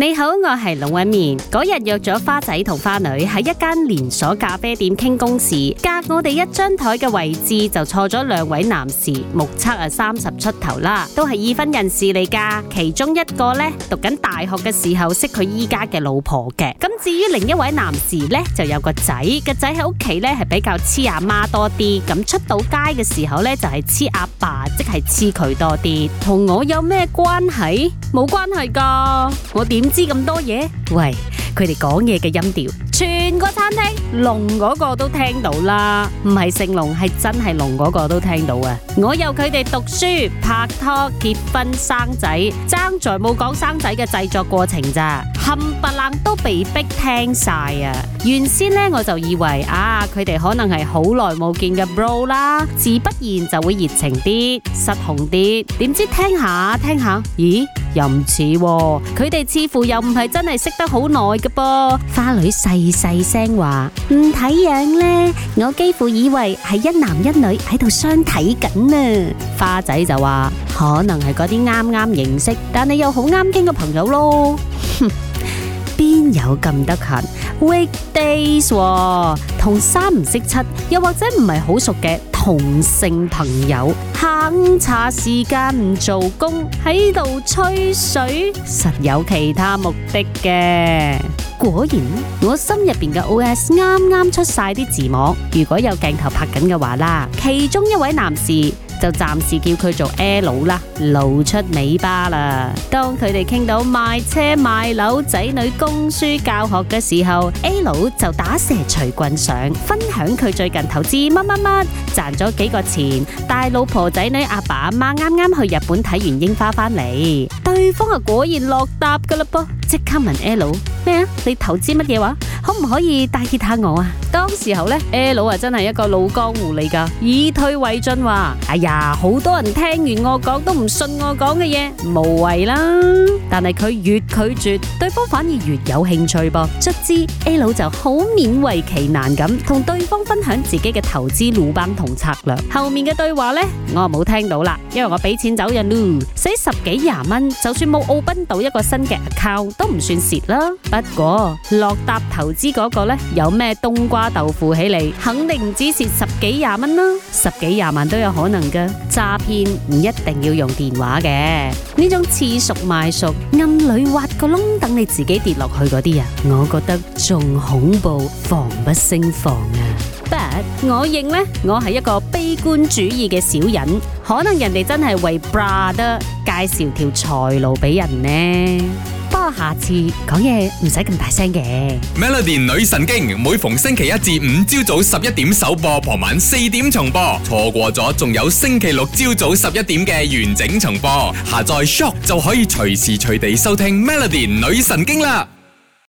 你好，我係龍紋敏。嗰日約咗花仔同花女喺一間連鎖咖啡店傾公事，隔我哋一張台嘅位置就坐咗兩位男士，目測啊三十出頭啦，都係已婚人士嚟噶。其中一個呢，讀緊大學嘅時候識佢依家嘅老婆嘅。咁至於另一位男士呢，就有個仔，個仔喺屋企呢，係比較黐阿媽多啲，咁出到街嘅時候呢，就係黐阿爸，即係黐佢多啲。同我有咩關係？冇關係噶，我點？知咁多嘢？喂，佢哋講嘢嘅音調，全個餐廳龍嗰個都聽到啦，唔係姓龍，係真係龍嗰個都聽到啊！我有佢哋讀書、拍拖、結婚、生仔，爭在冇講生仔嘅製作過程咋，冚唪唥都被逼聽曬啊！原先呢，我就以為啊，佢哋可能係好耐冇見嘅 bro 啦，自不然就會熱情啲、失控啲，點知聽下聽下，咦？又唔似喎，佢哋似乎又唔係真係識得好耐嘅噃。花女細細聲話：唔睇樣咧，我幾乎以為係一男一女喺度相睇緊啊。花仔就話：可能係嗰啲啱啱認識，但你又好啱傾嘅朋友咯。哼， 邊有咁得閒？Weekdays 同、哦、三唔識七，又或者唔係好熟嘅。同性朋友下午茶時間唔做工喺度吹水，實有其他目的嘅。果然，我心入面嘅 O.S. 啱啱出晒啲字幕。如果有鏡頭拍緊嘅話啦，其中一位男士。就暫時叫佢做 L 啦，露出尾巴啦。當佢哋傾到賣車賣樓仔女供書教學嘅時候，L 就打蛇隨棍上，分享佢最近投資乜乜乜，賺咗幾個錢。帶老婆仔女阿爸阿媽啱啱去日本睇完櫻花返嚟，對方果然落搭㗎喇噃，即刻問 L 咩啊？你投資乜嘢話？可唔可以帶挈下我啊？當時候呢 A 佬啊，真係一個老江湖嚟噶，以退為進話，哎呀，好多人聽完我講都唔信我講嘅嘢，無謂啦。但係佢越拒絕，對方反而越有興趣噃。卒之，A 佬就好勉為其難咁同對方分享自己嘅投資魯班同策略。後面嘅對話呢，我冇聽到啦，因為我俾錢走人嚕，使十幾廿蚊，就算冇 open 到一個新嘅 account 都唔算蝕啦。不過落搭投資嗰個呢，有咩冬瓜？花豆腐起嚟，肯定唔止蝕十幾廿蚊啦，十幾廿萬都有可能噶。詐騙唔一定要用電話嘅，呢種恃熟賣熟，暗裏挖個窿等你自己跌落去嗰啲啊，我覺得仲恐怖，防不勝防啊。But 我認咧，我係一個悲觀主義嘅小人，可能人哋真係為 brother，介紹條財路俾人呢？不過下次講嘢唔使咁大聲嘅。 Melody 女神經每逢星期一至五朝早十一點首播，傍晚四點重播，錯過咗仲有星期六朝早十一點嘅完整重播。下載 Shock 就可以隨時隨地收聽 Melody 女神經啦。